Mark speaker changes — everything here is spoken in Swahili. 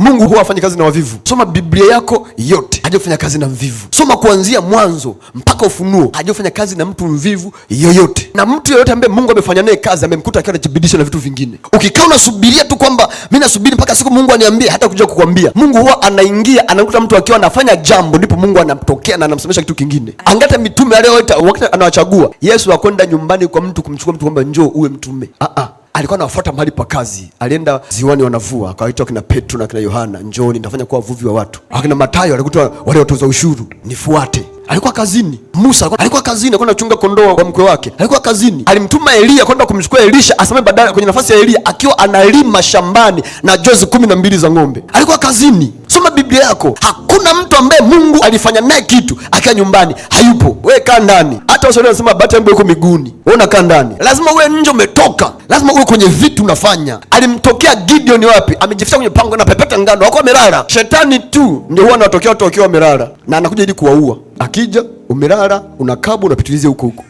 Speaker 1: Mungu huwa hafanyi kazi na wavivu. Soma Biblia yako yote, hajafanya kazi na mvivu. Soma kuanzia Mwanzo mpaka Ufunuo, hajafanya kazi na mtu mvivu yoyote. Na mtu yoyote ambaye Mungu amefanya naye kazi, amemkuta akiwa anajibidisha na vitu vingine. Ukikaa unasubiria tu kwamba mi nasubiri mpaka siku Mungu aniambie, hata kuja kukwambia. Mungu huwa anaingia, anakuta mtu akiwa anafanya jambo, ndipo Mungu anamtokea na anamsemesha kitu kingine. Angata mitume aliyoita, wakati anawachagua Yesu akwenda nyumbani kwa mtu, kumchukua mtu kwamba njoo uwe mtume. Ah, ah alikuwa anawafuata mahali pa kazi, alienda ziwani wanavua, akawaita akina Petro na akina Yohana, njoni nitafanya kuwa wavuvi wa watu. Akina matayo alikuta wale watoza ushuru, nifuate alikuwa kazini. Musa alikuwa kazini, kwenda kuchunga kondoo wa mkwe wake, alikuwa kazini. Alimtuma elia kwenda kumchukua Elisha asame badala kwenye nafasi ya elia akiwa analima shambani na jozi kumi na mbili za ng'ombe. Alikuwa kazini. Soma Biblia yako, hakuna mtu ambaye Mungu alifanya naye kitu akiwa nyumbani. Hayupo. Wekaa ndani. Mshauri anasema bati yangu iko miguuni, wewe unakaa ndani. Lazima uwe nje, umetoka, lazima uwe kwenye vitu unafanya. Alimtokea Gideon wapi? Amejificha kwenye pango na pepeta ngano, wako wamelala. Shetani tu ndio huwa anatokea watu wakiwa wamelala, na anakuja ili kuwaua. Akija umelala, unakabu, unapitiliza huko huko.